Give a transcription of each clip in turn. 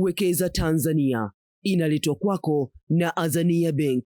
Wekeza Tanzania inaletwa kwako na Azania Bank.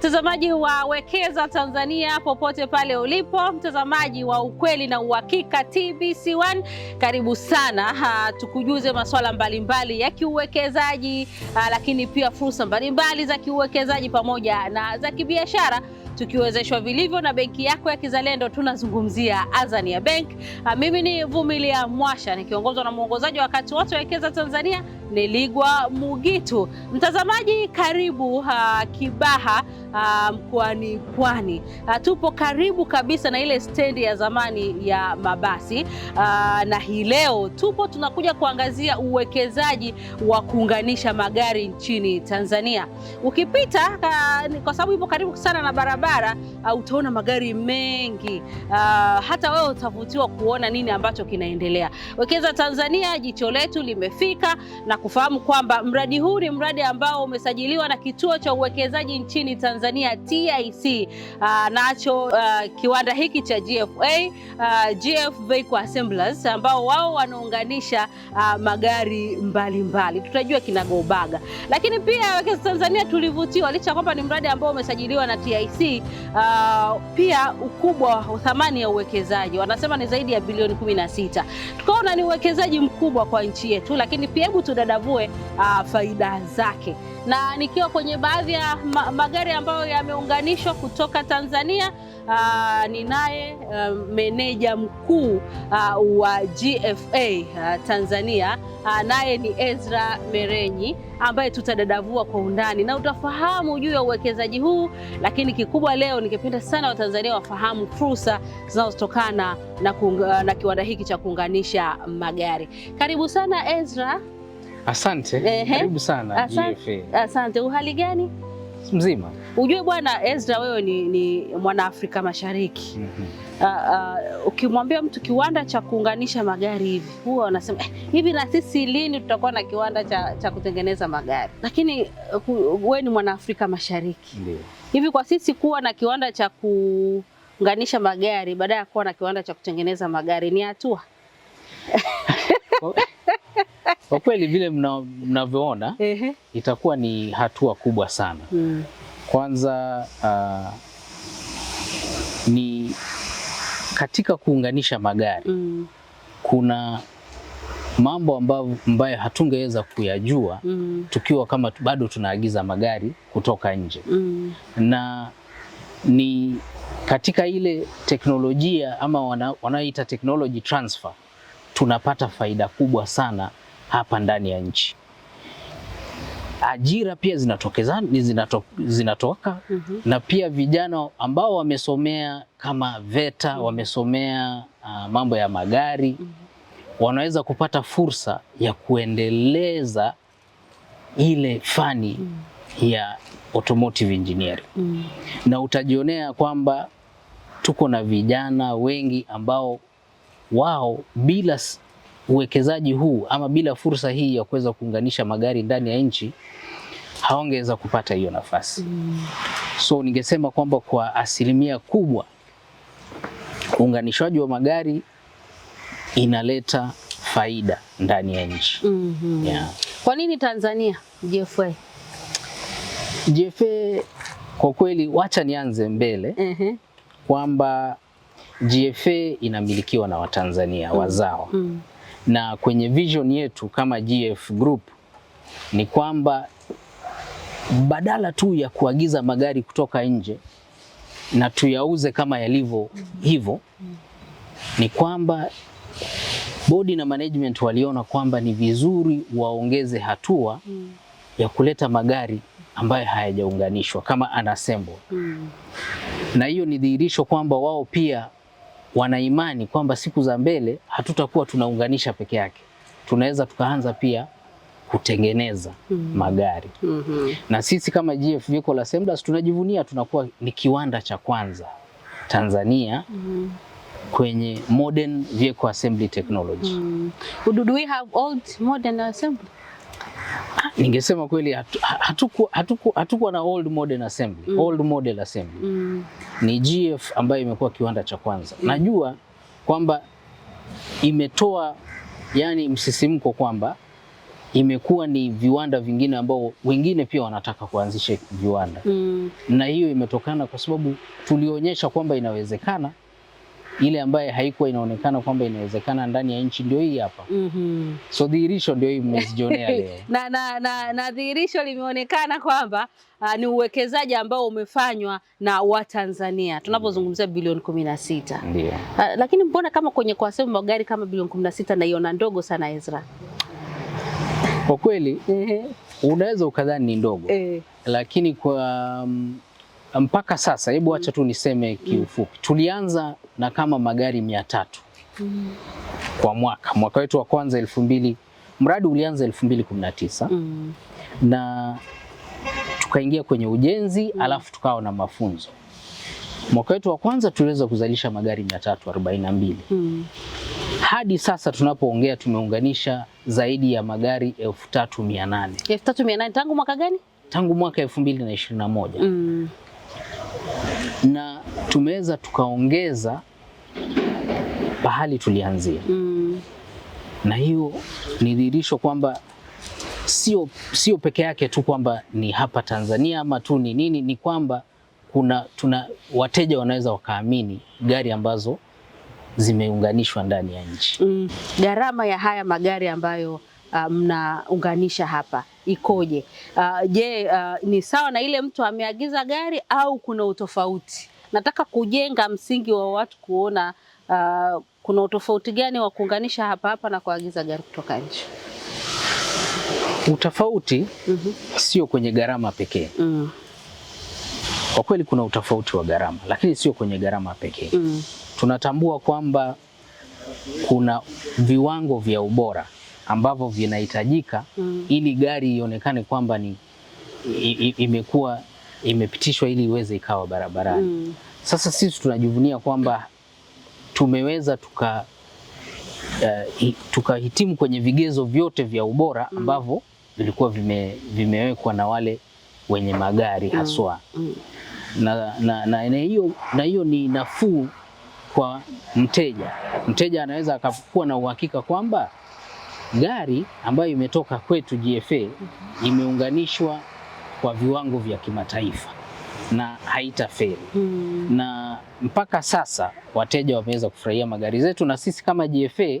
Mtazamaji wa Wekeza Tanzania, popote pale ulipo, mtazamaji wa ukweli na uhakika TBC1, karibu sana ha, tukujuze masuala mbalimbali ya kiuwekezaji, lakini pia fursa mbalimbali za kiuwekezaji pamoja na za kibiashara tukiwezeshwa vilivyo na benki yako ya kizalendo. Tunazungumzia Azania Bank. Ah, mimi ni Vumilia Mwasha nikiongozwa na mwongozaji wakati wote wekeza Tanzania Niligwa Mugitu. Mtazamaji, karibu ha, ah, Kibaha ah, mkoani Pwani. Tupo karibu kabisa na ile stendi ya zamani ya mabasi ha, na hii leo tupo tunakuja kuangazia uwekezaji wa kuunganisha magari nchini Tanzania. Ukipita ha, kwa sababu ipo karibu sana na barabara barabara uh, utaona magari mengi uh, hata wewe utavutiwa kuona nini ambacho kinaendelea. Wekeza Tanzania, jicho letu limefika na kufahamu kwamba mradi huu ni mradi ambao umesajiliwa na kituo cha uwekezaji nchini Tanzania TIC, uh, ah, nacho uh, kiwanda hiki cha GFA uh, GF Vehicle Assemblers ambao wao wanaunganisha uh, magari mbalimbali mbali. Tutajua kinagobaga, lakini pia Wekeza Tanzania tulivutiwa licha kwamba ni mradi ambao umesajiliwa na TIC hii uh, pia ukubwa wa thamani ya uwekezaji wanasema ni zaidi ya bilioni 16 Tukaona ni uwekezaji mkubwa kwa nchi yetu, lakini pia hebu tudadavue uh, faida zake, na nikiwa kwenye baadhi ya ma magari ambayo yameunganishwa kutoka Tanzania uh, ninaye uh, meneja mkuu uh, wa GFA uh, Tanzania uh, naye ni Ezra Merenyi ambaye tutadadavua kwa undani na utafahamu juu ya uwekezaji huu, lakini kikubwa kikubwa leo, ningependa sana Watanzania wafahamu fursa zinazotokana na, na, na kiwanda hiki cha kuunganisha magari. Karibu sana Ezra. Asante. Ehe. Karibu sana. Asante. Asante. Uhali gani? mzima. Ujue bwana Ezra, wewe ni, ni mwanaafrika Mashariki mm -hmm. uh, uh, ukimwambia mtu kiwanda cha kuunganisha magari hivi huwa wanasema eh, hivi na sisi lini tutakuwa na kiwanda cha, cha kutengeneza magari? Lakini eh, wewe ni mwanaafrika Mashariki Ndiyo. hivi kwa sisi kuwa na kiwanda cha kuunganisha magari baada ya kuwa na kiwanda cha kutengeneza magari ni hatua Kwa kweli vile mnavyoona mna itakuwa ni hatua kubwa sana mm. Kwanza uh, ni katika kuunganisha magari mm. kuna mambo ambayo, ambayo hatungeweza kuyajua mm. tukiwa kama bado tunaagiza magari kutoka nje mm. na ni katika ile teknolojia ama wanaoita technology transfer tunapata faida kubwa sana hapa ndani ya nchi. Ajira pia zinatokeza zinato, zinatoka mm -hmm. na pia vijana ambao wamesomea kama VETA mm -hmm. wamesomea uh, mambo ya magari mm -hmm. wanaweza kupata fursa ya kuendeleza ile fani mm -hmm. ya automotive engineering mm -hmm. na utajionea kwamba tuko na vijana wengi ambao wao bila uwekezaji huu ama bila fursa hii ya kuweza kuunganisha magari ndani ya nchi hawangeweza kupata hiyo nafasi mm. So ningesema kwamba kwa asilimia kubwa uunganishwaji wa magari inaleta faida ndani ya nchi mm -hmm. yeah. Kwa nini Tanzania GFA? GFA kwa kweli, wacha nianze mbele mm -hmm. kwamba GFA inamilikiwa na Watanzania mm. wazawa mm. na kwenye vision yetu kama GF Group ni kwamba badala tu ya kuagiza magari kutoka nje na tuyauze kama yalivyo hivyo, ni kwamba bodi na management waliona kwamba ni vizuri waongeze hatua mm. ya kuleta magari ambayo hayajaunganishwa kama mm. na hiyo ni dhihirisho kwamba wao pia wanaimani kwamba siku za mbele hatutakuwa tunaunganisha peke yake, tunaweza tukaanza pia kutengeneza mm magari mm -hmm. na sisi kama GF Vehicle Assemblers tunajivunia tunakuwa ni kiwanda cha kwanza Tanzania mm -hmm kwenye modern vehicle assembly technology. Mm. Do we have old modern assembly? Ningesema kweli hatukuwa hatuku, hatuku na old modern assembly. Mm. Old model assembly. Mm. Ni GF ambayo imekuwa kiwanda cha kwanza. Mm. Najua kwamba imetoa yani msisimko kwamba imekuwa ni viwanda vingine ambao wengine pia wanataka kuanzisha viwanda. Mm. Na hiyo imetokana kwa sababu tulionyesha kwamba inawezekana ile ambayo haikuwa inaonekana kwamba inawezekana ndani ya nchi ndio hii hapa. mm -hmm. So dhihirisho ndio hii mmezijionea leo na, na, na, na dhihirisho limeonekana kwamba uh, ni uwekezaji ambao umefanywa na Watanzania tunapozungumzia bilioni kumi na sita. Ndio. Uh, lakini mbona kama kwenye kwa sehemu magari kama bilioni kumi na sita naiona ndogo sana Ezra? Kwa kweli unaweza ukadhani ni ndogo, eh. lakini kwa um, mpaka sasa, hebu acha tu niseme kiufupi, tulianza na kama magari mia tatu kwa mwaka. Mwaka wetu wa kwanza elfu mbili mradi ulianza elfu mbili kumi na tisa mm. na tukaingia kwenye ujenzi mm. alafu tukawa na mafunzo. Mwaka wetu wa kwanza tuliweza kuzalisha magari 342 mm. hadi sasa tunapoongea tumeunganisha zaidi ya magari 3800. 3800 tangu mwaka gani? Tangu mwaka 2021 mm na tumeweza tukaongeza pahali tulianzia mm. na hiyo ni dhihirisho kwamba sio, sio peke yake tu kwamba ni hapa Tanzania ama tu ni nini, ni kwamba kuna tuna wateja wanaweza wakaamini gari ambazo zimeunganishwa ndani ya nchi mm. Gharama ya haya magari ambayo uh, mnaunganisha hapa ikoje? Uh, je, uh, ni sawa na ile mtu ameagiza gari au kuna utofauti? Nataka kujenga msingi wa watu kuona uh, kuna utofauti gani wa kuunganisha hapa hapa na kuagiza gari kutoka nje. Utofauti mm -hmm. sio kwenye gharama pekee mm. Kwa kweli kuna utofauti wa gharama, lakini sio kwenye gharama pekee mm. Tunatambua kwamba kuna viwango vya ubora ambavyo vinahitajika mm. ili gari ionekane kwamba ni imekuwa imepitishwa ili iweze ikawa barabarani mm. Sasa sisi tunajivunia kwamba tumeweza tuka uh, tukahitimu kwenye vigezo vyote vya ubora mm. ambavyo vilikuwa vime, vimewekwa na wale wenye magari mm. haswa mm. Mm. na na, na, na, hiyo, na hiyo ni nafuu kwa mteja. Mteja anaweza akakuwa na uhakika kwamba Gari ambayo imetoka kwetu GFA mhm. imeunganishwa kwa viwango vya kimataifa na feri mm. Na mpaka sasa wateja wameweza kufurahia magari zetu, na sisi kama GFA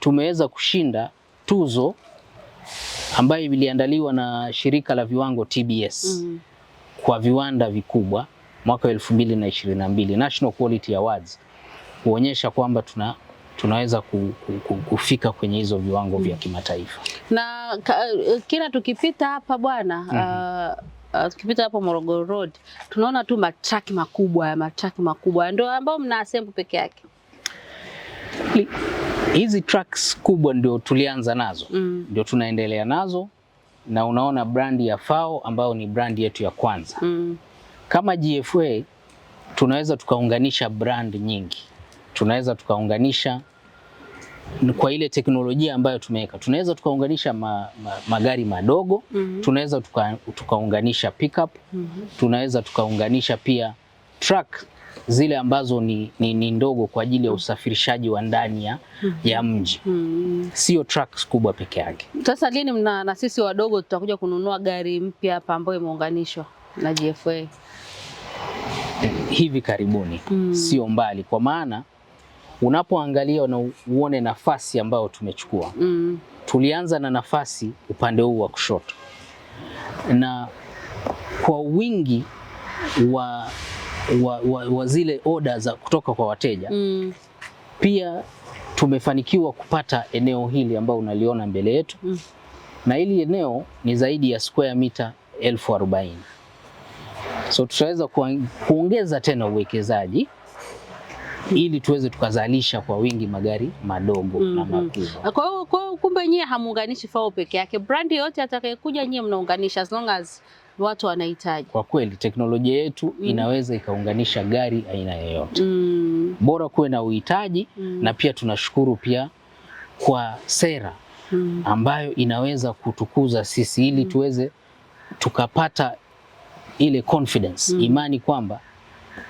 tumeweza kushinda tuzo ambayo iliandaliwa na shirika la viwango TBS mm. kwa viwanda vikubwa mwaka 2022 National Quality Awards kuonyesha kwamba tuna tunaweza kufika kwenye hizo viwango vya kimataifa. Na eh, kila tukipita hapa bwana mm -hmm. uh, Uh, tukipita hapo Morogoro Road tunaona tu matraki makubwa, matraki makubwa ndio ambao mna assemble peke yake. Hizi trucks kubwa ndio tulianza nazo mm. Ndio tunaendelea nazo na unaona brandi ya FAO ambayo ni brandi yetu ya kwanza mm. Kama GFA tunaweza tukaunganisha brand nyingi tunaweza tukaunganisha kwa ile teknolojia ambayo tumeweka, tunaweza tukaunganisha ma, ma, magari madogo mm -hmm. tunaweza tukaunganisha pickup mm -hmm. tunaweza tukaunganisha pia truck zile ambazo ni, ni, ni ndogo kwa ajili ya mhm. usafirishaji wa ndani ya, mhm. ya mji mm -hmm. sio trucks kubwa peke yake. Sasa lini mna na sisi wadogo tutakuja kununua gari mpya hapa ambayo imeunganishwa na GFA hivi karibuni mm -hmm. sio mbali kwa maana unapoangalia na uone nafasi ambayo tumechukua mm. Tulianza na nafasi upande huu wa kushoto, na kwa wingi wa, wa, wa, wa zile oda za kutoka kwa wateja mm. Pia tumefanikiwa kupata eneo hili ambao unaliona mbele yetu mm. Na hili eneo ni zaidi ya square mita elfu arobaini so tutaweza kuongeza tena uwekezaji ili tuweze tukazalisha kwa wingi magari madogo mm -hmm. na mhm. makubwa. Kwa hiyo kwa kumbe nyie hamuunganishi FAO peke yake, brandi yote atakayekuja nyie mnaunganisha as long as watu wanahitaji. Kwa kweli teknolojia yetu mm. inaweza ikaunganisha gari aina yoyote mm. bora kuwe na uhitaji mm. na pia tunashukuru pia kwa sera mm. ambayo inaweza kutukuza sisi ili mm. tuweze tukapata ile confidence mm. imani kwamba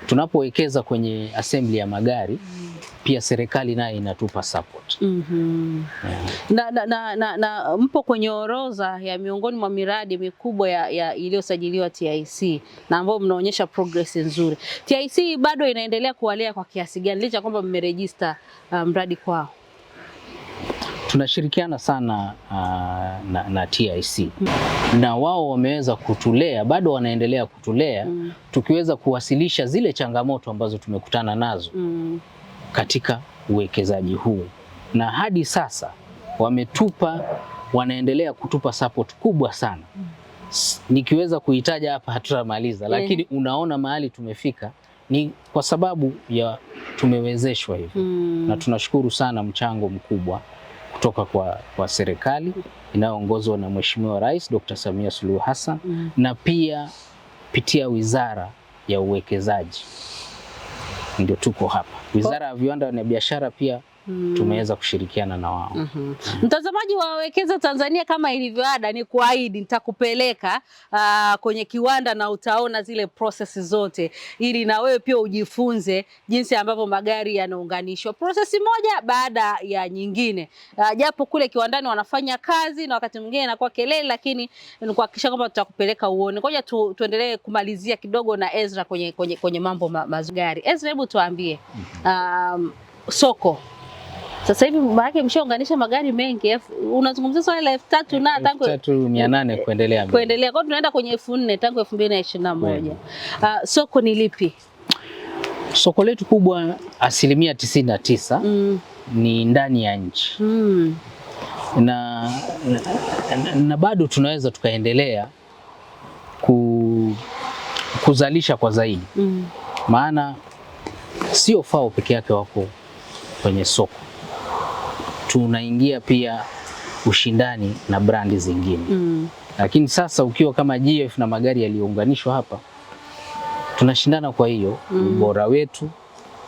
tunapowekeza kwenye assembly ya magari mm. pia serikali naye inatupa support mm -hmm. yeah. na, na, na, na, na mpo kwenye orodha ya miongoni mwa miradi mikubwa ya, ya iliyosajiliwa TIC na ambayo mnaonyesha progress nzuri. TIC bado inaendelea kuwalea kwa kiasi gani licha kwamba mmerejista uh, mradi um, kwao? tunashirikiana sana uh, na, na TIC mm. na wao wameweza kutulea, bado wanaendelea kutulea mm. tukiweza kuwasilisha zile changamoto ambazo tumekutana nazo mm. katika uwekezaji huu, na hadi sasa wametupa, wanaendelea kutupa support kubwa sana mm. nikiweza kuitaja hapa hatutamaliza mm. lakini unaona mahali tumefika ni kwa sababu ya tumewezeshwa hivyo mm. na tunashukuru sana mchango mkubwa kutoka kwa, kwa serikali inayoongozwa na Mheshimiwa Rais Dr. Samia Suluhu Hassan mm. na pia pitia Wizara ya Uwekezaji ndio tuko hapa. Wizara ya Viwanda na Biashara pia Mm. Tumeweza kushirikiana na wao. mm -hmm. mm. Mtazamaji wa Wekeza Tanzania, kama ilivyo ada, ni kuahidi nitakupeleka uh, kwenye kiwanda na utaona zile process zote, ili na wewe pia ujifunze jinsi ambavyo magari yanaunganishwa, process moja baada ya nyingine. Uh, japo kule kiwandani wanafanya kazi na wakati mwingine inakuwa kelele, lakini kuhakikisha kwamba tutakupeleka uone. Ngoja tu, tuendelee kumalizia kidogo na Ezra kwenye, kwenye, kwenye mambo ma, mazuri. Ezra, hebu tuambie mm-hmm. um, soko sasa hivi maanake mshaunganisha magari mengi, unazungumzia swala la elfu tatu na tangu elfu tatu mia nane kuendelea kuendelea, kwa tunaenda kwenye elfu nne tangu elfu mbili na ishirini na moja. Uh, soko ni lipi? Soko letu kubwa asilimia tisini na tisa mm. ni ndani ya nchi mm. na, na, na bado tunaweza tukaendelea ku, kuzalisha kwa zaidi mm. maana sio FAO peke yake wako kwenye soko tunaingia pia ushindani na brandi zingine mm. Lakini sasa ukiwa kama GF na magari yaliyounganishwa hapa, tunashindana kwa hiyo mm. ubora wetu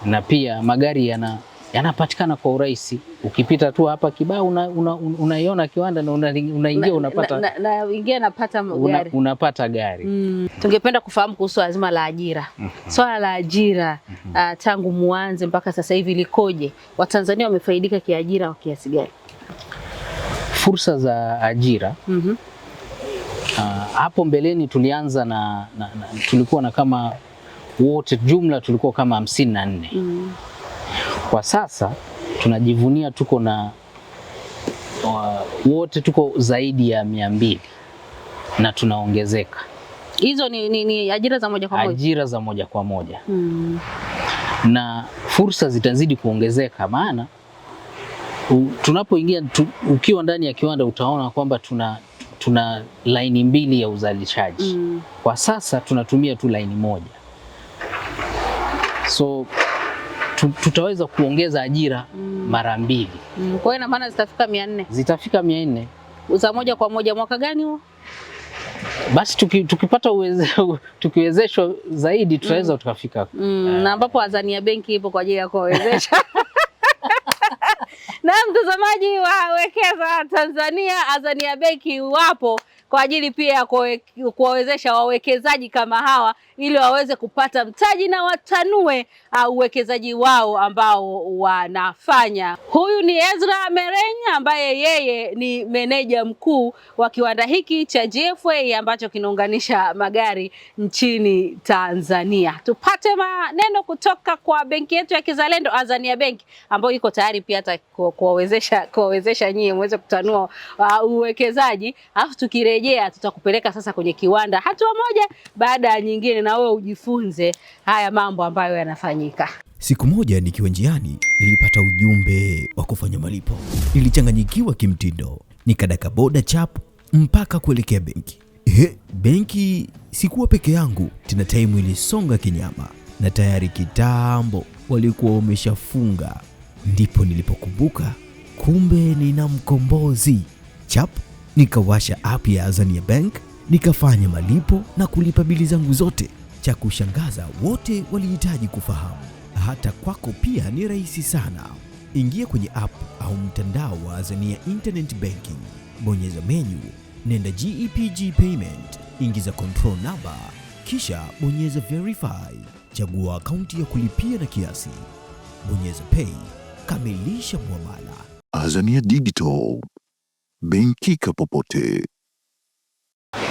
na pia magari yana yanapatikana kwa urahisi. Ukipita tu hapa kibao unaiona una, una kiwanda na unaingia unapata na, na, na, napata gari una, unapata gari mm. Tungependa kufahamu kuhusu azima la ajira mm -hmm. Swala la ajira mm -hmm. Uh, tangu muanze mpaka sasa hivi likoje? Watanzania wamefaidika kiajira kwa kiasi gani? Fursa za ajira mm -hmm. Uh, hapo mbeleni tulianza na, na, na tulikuwa na kama wote jumla tulikuwa kama hamsini na nne mm. Kwa sasa tunajivunia tuko na wote tuko zaidi ya mia mbili na tunaongezeka. Hizo ni, ni, ni ajira za moja kwa moja, ajira za moja kwa moja hmm. na fursa zitazidi kuongezeka, maana tunapoingia tu, ukiwa ndani ya kiwanda utaona kwamba tuna, tuna laini mbili ya uzalishaji hmm. kwa sasa tunatumia tu laini moja so tutaweza kuongeza ajira mm. mara mbili mm. Kwa hiyo ina maana zitafika mia nne zitafika mia nne za moja kwa moja. Mwaka gani huo? Basi tuki, tukipata uweze, tukiwezeshwa zaidi tutaweza mm. tukafika mm. uh, na ambapo Azania benki ipo kwa ajili ya kuwawezesha na mtazamaji wa Wekeza Tanzania, Azania benki wapo kwa ajili pia ya kuwawezesha wawekezaji kama hawa ili waweze kupata mtaji na watanue uh, uwekezaji uh, wao ambao wanafanya. Huyu ni Ezra Mereny ambaye yeye ni meneja mkuu wa kiwanda hiki cha JFA ambacho kinaunganisha magari nchini Tanzania. Tupate maneno kutoka kwa benki yetu ya Kizalendo Azania Benki ambayo iko tayari pia hata kuwawezesha kuwawezesha nyie muweze kutanua uh, uwekezaji, alafu tukirejea tutakupeleka sasa kwenye kiwanda hatua moja baada ya nyingine na wewe ujifunze haya mambo ambayo yanafanyika. Siku moja nikiwa njiani nilipata ujumbe wa kufanya malipo. Nilichanganyikiwa kimtindo, nikadaka boda chap mpaka kuelekea benki. Ehe, benki sikuwa peke yangu tena, taimu ilisonga kinyama na tayari kitambo walikuwa wameshafunga. Ndipo nilipokumbuka kumbe nina mkombozi chap, nikawasha app ya Azania Bank Nikafanya malipo na kulipa bili zangu zote. Cha kushangaza, wote walihitaji kufahamu, hata kwako pia ni rahisi sana. Ingia kwenye app au mtandao wa Azania Internet Banking, bonyeza menu, nenda GEPG e Payment, ingiza control number, kisha bonyeza verify, chagua akaunti ya kulipia na kiasi, bonyeza pay, kamilisha muamala. Azania Digital, benki popote.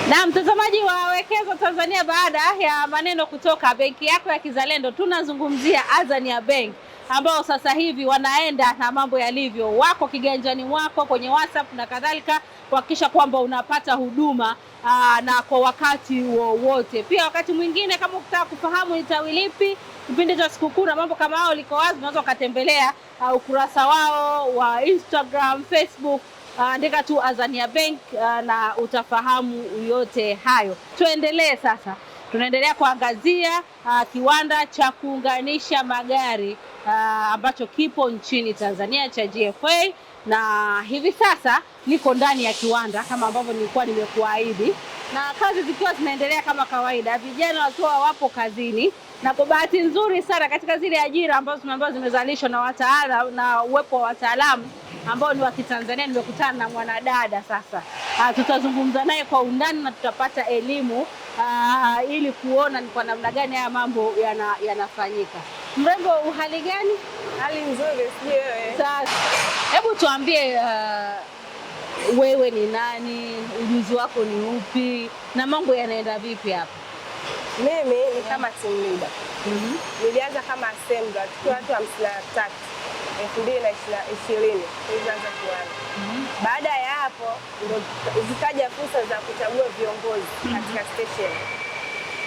Na mtazamaji wa Wekeza Tanzania, baada ya maneno kutoka benki yako ya Kizalendo, tunazungumzia Azania Bank ambao sasa hivi wanaenda na mambo yalivyo, wako kiganjani mwako kwenye WhatsApp na kadhalika, kuhakikisha kwamba unapata huduma aa, na kwa wakati wowote. Pia wakati mwingine kama ukitaka kufahamu ni tawi lipi kipindi cha sikukuu na mambo kama hao liko wazi, unaweza ukatembelea ukurasa wao wa Instagram, Facebook Ah, andika tu Azania Bank ah, na utafahamu yote hayo. Tuendelee sasa, tunaendelea kuangazia uh, kiwanda cha kuunganisha magari uh, ambacho kipo nchini Tanzania cha GFA, na hivi sasa niko ndani ya kiwanda kama ambavyo nilikuwa nimekuahidi, na kazi zikiwa zinaendelea kama kawaida, vijana wakiwa wapo kazini na kwa bahati nzuri sana katika zile ajira ambazo tumeambiwa zimezalishwa na wataalamu na uwepo wa wataalamu ambao ni wa Kitanzania. Nimekutana na mwanadada sasa, ah, tutazungumza naye kwa undani na tutapata elimu aa, ah, ili kuona ni kwa namna gani haya mambo yanafanyika. Yana mrembo, uhali gani? Hali nzuri, sijui wewe. Sasa hebu tuambie uh, wewe ni nani, ujuzi wako ni upi na mambo yanaenda vipi hapa? Mimi ni kama team leader. Mm -hmm. Nilianza kama assembler tukiwa watu hamsini na tatu elfu mbili na ishirini tulianza kiwanda. Mhm. Baada ya hapo ndo zikaja fursa za kuchagua viongozi mhm. katika stesheni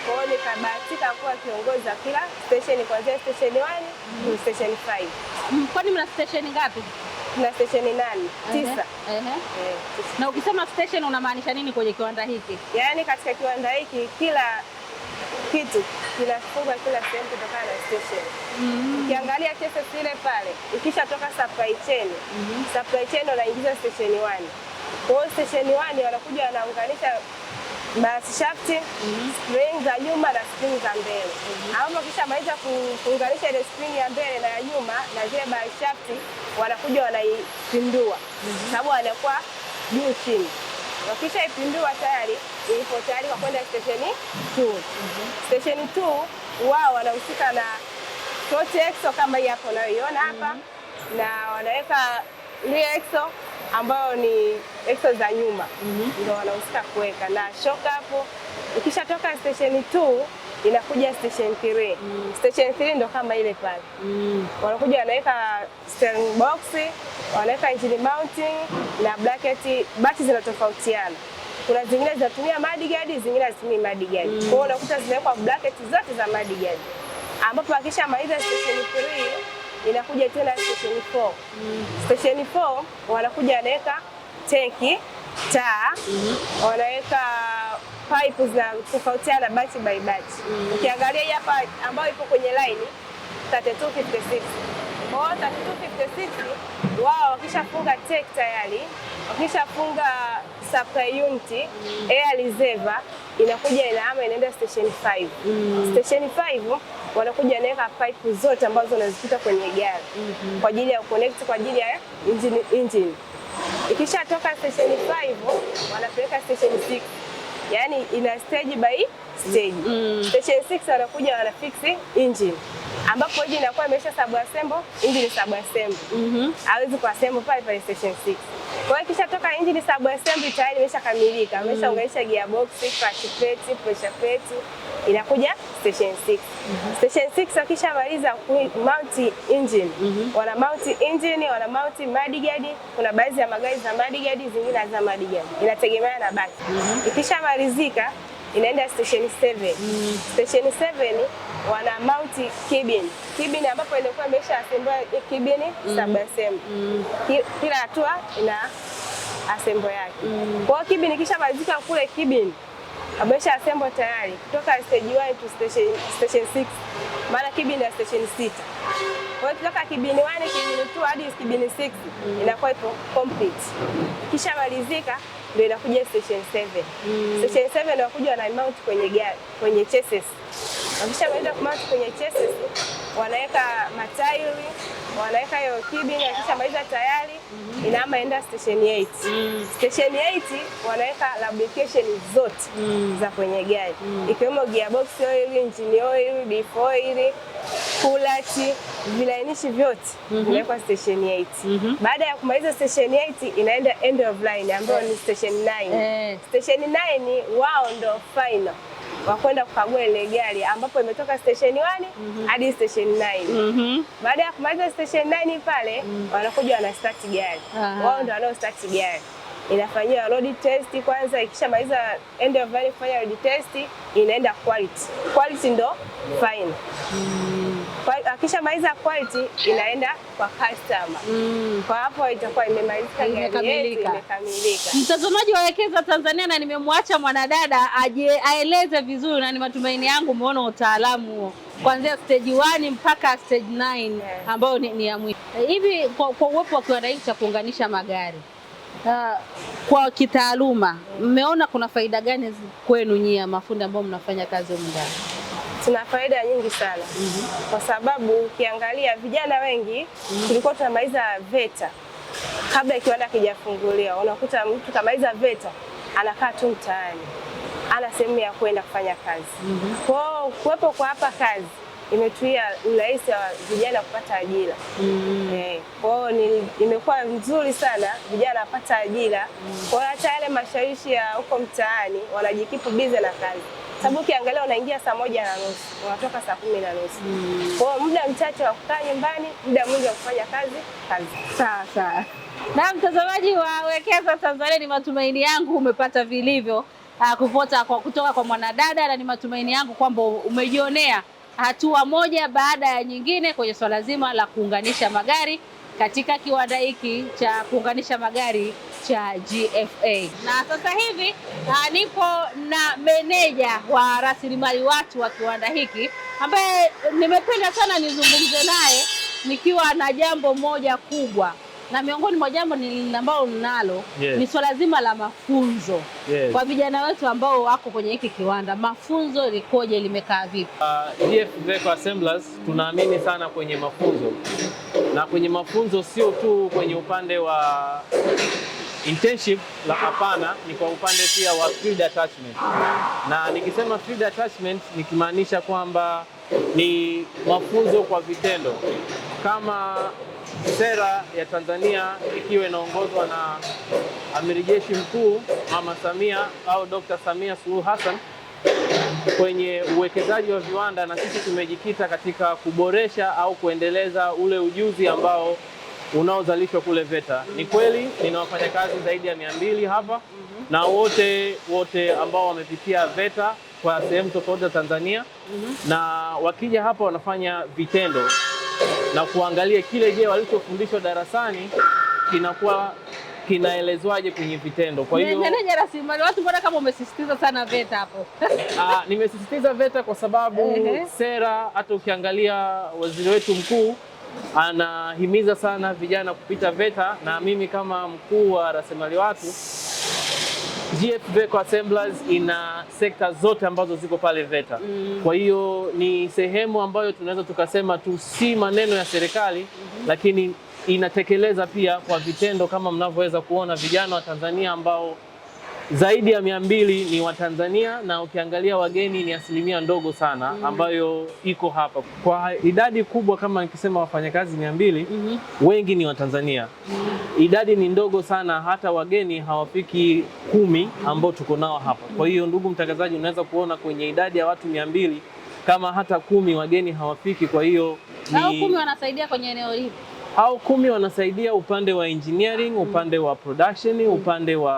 kwao, nikabahatika kuwa kiongozi wa kila stesheni kuanzia station 1 to mhm. station mm, Kwani mna stesheni ngapi? na stesheni nane eh, tisa. Na ukisema stesheni unamaanisha nini kwenye kiwanda hiki? Yaani katika kiwanda hiki kila kitu kinafugwa kila sehemu kutokana na station. Mm-hmm. Ukiangalia kesi zile pale, ukishatoka supply chain, mm-hmm. supply chain wanaingiza station 1. Kwa hiyo station 1 wanakuja wanaunganisha basi shafti mm-hmm. spring za nyuma na spring za mbele, ambapo kisha maliza kuunganisha ile spring ya mbele na ya nyuma na zile barishafti, wanakuja wanaipindua, sababu anakuwa juu chini. Wakishaipindua tayari wako tayari kwa kwenda stesheni 2. Stesheni 2 wao wanahusika na float exo kama hii hapo unayoiona hapa mm -hmm. na wanaweka rear exo ambayo ni exo za nyuma mm -hmm. ndio wanahusika kuweka na shock hapo. Ukishatoka stesheni 2 inakuja station 3. Mm. Station 3 ndo kama ile pale mm. wanakuja wanaweka steering box, wanaweka engine mounting na bracket, bati zinatofautiana. Kuna zingine zinatumia madigadi, zingine hazitumii madigadi. Mm. Kwa hiyo unakuta zinawekwa bracket zote za madigadi, ambapo akisha maliza station 3 inakuja tena station 4. Mm. Station 4 wanakuja wanaweka tenki, taa, mm. wanaweka pipe zinatofautiana bati by bati. Ukiangalia hii hapa ambayo ipo kwenye line 3256 kwa hiyo 3256 wao wakishafunga tek tayari, wakishafunga supply unit mm. air reserve inakuja inahama inaenda station 5 mm. station 5 wanakuja naweka pipe zote ambazo unazipita kwenye gari mm -hmm. kwa ajili ya connect kwa ajili ya engine, engine. Ikishatoka station 5 wanapeleka station 6 yani ina stage by stage. Mm. Station 6 wanakuja wana fix engine ambapo hiyo inakuwa imesha sub assemble, engine sub assemble. Mhm. Hawezi ku assemble pale pale station 6. Kwa hiyo kisha toka engine sub assemble tayari imesha imeshakamilika, ameshaunganisha mm. gearbox, clutch plate, pressure plate inakuja station 6. Mm -hmm. Station 6 ku mount engine. Mm -hmm. Wana mount engine, wana mount mudguard, kuna baadhi ya magari za mudguard, zingine za mudguard. Inategemeana na basi. Mm -hmm. Ikishamalizika inaenda station 7. Mm. Station 7 wana mount cabin. Cabin ambapo ilikuwa imesha assemble cabin saba sabasem. Kila hatua ina assemble yake. Mm. Kwa hiyo cabin ikishamalizika kule cabin amesha assemble tayari kutoka stage 1 to station station 6. Maana cabin ya station 6. Kwa hiyo kutoka cabin 1, kibini 2 hadi kibini 6 mm. inakuwa ipo complete. Kishamalizika ndio inakuja station 7. Mm. Station 7 inakuja na mount kwenye gari, kwenye chassis. Wakishamaliza kumati kwenye chesis, wanaweka matairi, wanaweka hiyo kibini. Wakishamaliza tayari inaama enda station 8. Mm. Station 8 wanaweka lubrication zote mm. za kwenye gari mm. ikiwemo gearbox oil, engine oil, diff oil, kulati vilainishi vyote vinawekwa mm -hmm. station 8. mm -hmm. Baada ya kumaliza station 8 inaenda end of line ambayo ni station 9. Eh. Station 9 wao ndo final wa kwenda kukagua ile gari ambapo imetoka station 1 mhm. hadi station 9. Mhm. Baada ya kumaliza station 9 pale mm -hmm. wanakuja wana start gari ah. wao ndio wanao start gari inafanyiwa road test kwanza. Ikishamaliza end of value kufanya road test, inaenda quality. Quality ndo -hmm. Akishamaliza quality inaenda kwa customer. Mm. Kwa hapo itakuwa imemalizika, imekamilika. Mtazamaji wa Wekeza Tanzania, na nimemwacha mwanadada aje aeleze vizuri, na ni matumaini yangu umeona utaalamu huo kuanzia stage 1 mpaka stage 9 yeah, ambayo ni, ni ya mwisho hivi. Kwa, kwa uwepo wa kiwanda hiki cha kuunganisha magari uh, kwa kitaaluma mmeona kuna faida gani kwenu nyie mafundi ambao mnafanya kazi huko ndani? tuna faida nyingi sana mm -hmm. kwa sababu ukiangalia vijana wengi mm -hmm. tulikuwa tunamaliza VETA kabla kiwanda kijafunguliwa, unakuta mtu kamaliza VETA anakaa tu mtaani, ana sehemu ya kwenda kufanya kazi mm -hmm. kwao kuwepo kwa hapa kazi imetuia urahisi wa vijana kupata ajira mm. Eh, kwao imekuwa nzuri sana vijana wapata ajira mm. Kwa hiyo hata yale mashawishi ya huko mtaani wanajikipu bize na kazi sababu ukiangalia unaingia saa moja na nusu unatoka saa kumi na nusu mm. Kwa muda mchache wa kukaa nyumbani, muda mwingi wa kufanya kazi kazi. Sawa sawa. Na mtazamaji wa Wekeza Tanzania, ni matumaini yangu umepata vilivyo ah, kupota kwa kutoka kwa mwanadada, na ni matumaini yangu kwamba umejionea hatua moja baada ya nyingine kwenye swala zima la kuunganisha magari katika kiwanda hiki cha kuunganisha magari cha GFA. Na sasa hivi ah, nipo na meneja wa rasilimali watu wa kiwanda hiki ambaye nimependa sana nizungumze naye nikiwa na jambo moja kubwa na miongoni mwa jambo ambalo ninalo yes. ni swala zima la mafunzo yes. kwa vijana wetu ambao wako kwenye hiki kiwanda, mafunzo likoje, limekaa vipi? Uh, ah, GF Assemblers tunaamini sana kwenye mafunzo, na kwenye mafunzo sio tu kwenye upande wa internship la, hapana, ni kwa upande pia wa field attachment. Na nikisema field attachment nikimaanisha kwamba ni mafunzo kwa vitendo kama sera ya Tanzania ikiwa inaongozwa na Amiri Jeshi Mkuu Mama Samia au Dr. Samia Suluhu Hassan kwenye uwekezaji wa viwanda, na sisi tumejikita katika kuboresha au kuendeleza ule ujuzi ambao unaozalishwa kule VETA. Ni kweli nina wafanyakazi zaidi ya mia mbili hapa mhm. na wote wote ambao wamepitia VETA kwa sehemu tofauti za Tanzania, mhm. na wakija hapa wanafanya vitendo na kuangalia kile, je, walichofundishwa darasani kinakuwa kinaelezwaje kwenye vitendo. Kwa hiyo meneja rasilimali watu, mbona kama umesisitiza sana VETA hapo? Ah, nimesisitiza VETA kwa sababu Sera hata ukiangalia waziri wetu mkuu anahimiza sana vijana kupita VETA na mimi kama mkuu wa rasilimali watu GF Veko Assemblers ina sekta zote ambazo ziko pale VETA. Mm. Kwa hiyo ni sehemu ambayo tunaweza tukasema tu si maneno ya serikali mm -hmm. Lakini inatekeleza pia kwa vitendo kama mnavyoweza kuona vijana wa Tanzania ambao zaidi ya mia mbili ni Watanzania na ukiangalia wageni ni asilimia ndogo sana mm -hmm. ambayo iko hapa kwa idadi kubwa. Kama nikisema wafanyakazi mia mbili mm -hmm. wengi ni Watanzania mm -hmm. idadi ni ndogo sana, hata wageni hawafiki kumi ambao tuko nao hapa. Kwa hiyo, ndugu mtangazaji, unaweza kuona kwenye idadi ya watu mia mbili kama hata kumi wageni hawafiki, kwa hiyo ni... au kumi wanasaidia kwenye eneo hili au kumi wanasaidia upande wa engineering, upande wa production, upande wa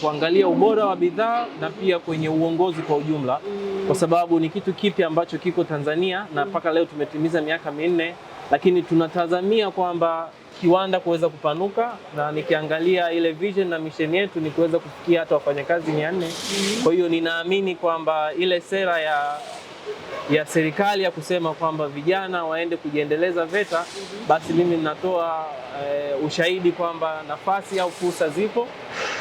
kuangalia ubora wa bidhaa na pia kwenye uongozi kwa ujumla, kwa sababu ni kitu kipya ambacho kiko Tanzania na mpaka leo tumetimiza miaka minne, lakini tunatazamia kwamba kiwanda kuweza kupanuka na nikiangalia ile vision na mission yetu ni kuweza kufikia hata wafanyakazi mia nne. Kwa hiyo ninaamini kwamba ile sera ya ya serikali ya kusema kwamba vijana waende kujiendeleza VETA, basi mimi ninatoa e, ushahidi kwamba nafasi au fursa zipo,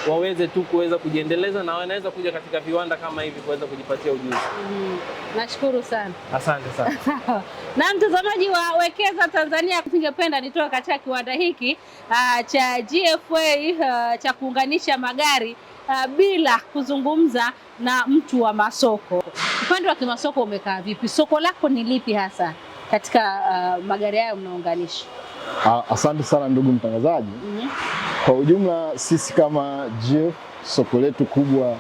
waweze tu kuweza kujiendeleza na wanaweza kuja katika viwanda kama hivi kuweza kujipatia ujuzi. Mm. Nashukuru sana, asante sana. Na mtazamaji wa Wekeza Tanzania, ningependa nitoa katika kiwanda hiki uh, cha GFA uh, ah, cha kuunganisha magari uh, bila kuzungumza na mtu wa masoko. Upande wa kimasoko umekaa vipi? Soko lako ni lipi hasa katika uh, magari hayo mnaunganisha? Ah, asante sana ndugu mtangazaji. mm -hmm. Kwa ujumla sisi kama GF soko letu kubwa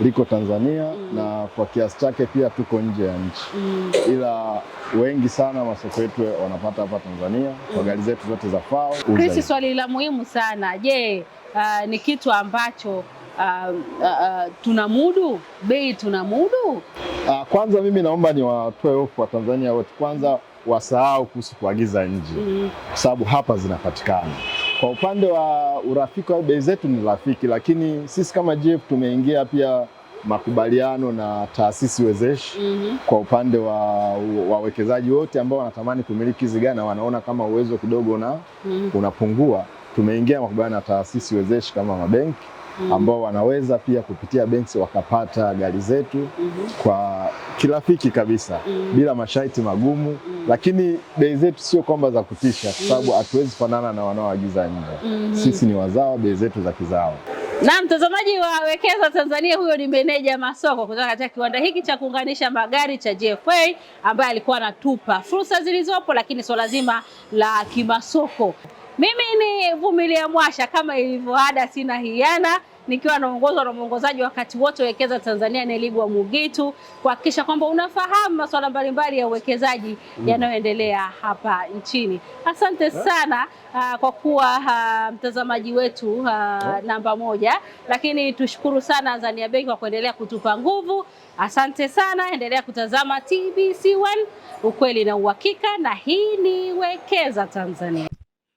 liko Tanzania mm. na kwa kiasi chake pia tuko nje ya nchi mm. ila wengi sana masoko yetu wanapata hapa Tanzania kwa mhm. gari zetu zote za FAO. Chris, swali la muhimu sana. Je, uh, ni kitu ambacho uh, uh, tunamudu bei, tunamudu. Uh, kwanza mimi naomba ni watoe hofu wa Tanzania wote, kwanza wasahau kuhusu kuagiza nje mm. kwa sababu hapa zinapatikana. Kwa upande wa urafiki wa bei zetu ni rafiki, lakini sisi kama GF tumeingia pia makubaliano na taasisi wezeshi mm -hmm. kwa upande wa wawekezaji wote ambao wanatamani kumiliki hizi ghala na wanaona kama uwezo kidogo na mm -hmm. unapungua, tumeingia makubaliano na taasisi wezeshi kama mabenki Mm-hmm. ambao wanaweza pia kupitia benki wakapata gari zetu mm-hmm. kwa kirafiki kabisa mm-hmm. bila masharti magumu lakini bei zetu sio kwamba za kutisha, kwa sababu hatuwezi fanana na wanaoagiza nje sisi ni wazawa, bei zetu za kizawa. Na mtazamaji wa Wekeza Tanzania, huyo ni meneja masoko kutoka katika kiwanda hiki cha kuunganisha magari cha JFA ambaye alikuwa anatupa fursa zilizopo, lakini swala zima la kimasoko mimi ni Vumilia Mwasha, kama ilivyo ada, sina hiana, nikiwa naongozwa na mwongozaji wakati wote Wekeza Tanzania, Neligwa Mugitu, kuhakikisha kwamba unafahamu masuala mbalimbali ya uwekezaji mm. yanayoendelea hapa nchini. Asante eh? sana uh, kwa kuwa uh, mtazamaji wetu uh, namba moja, lakini tushukuru sana Azania Bank kwa kuendelea kutupa nguvu. Asante sana, endelea kutazama TBC1, ukweli na uhakika, na hii ni Wekeza Tanzania.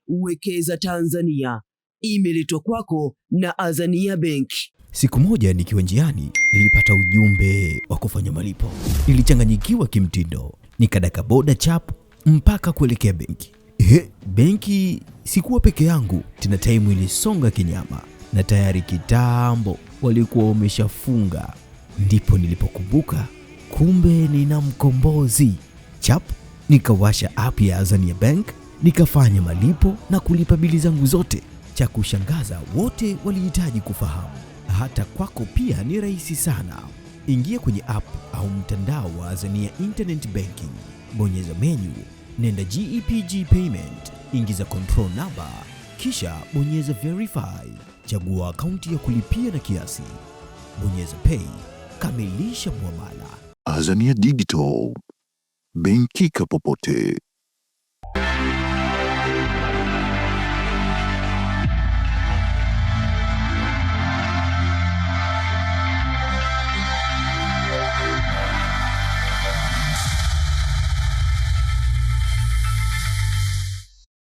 Wekeza Tanzania imeletwa kwako na Azania Bank. Siku moja nikiwa njiani nilipata ujumbe wa kufanya malipo. Nilichanganyikiwa kimtindo, nikadaka boda chap mpaka kuelekea benki. He, benki sikuwa peke yangu tena, taimu ilisonga kinyama na tayari kitambo walikuwa wameshafunga. Ndipo nilipokumbuka kumbe nina mkombozi chap, nikawasha app ya Azania Bank Nikafanya malipo na kulipa bili zangu zote. Cha kushangaza, wote walihitaji kufahamu, hata kwako pia ni rahisi sana. Ingia kwenye app au mtandao wa Azania Internet Banking, bonyeza menu, nenda GEPG e Payment, ingiza control number, kisha bonyeza verify, chagua akaunti ya kulipia na kiasi, bonyeza pay, kamilisha muamala. Azania Digital, benki popote.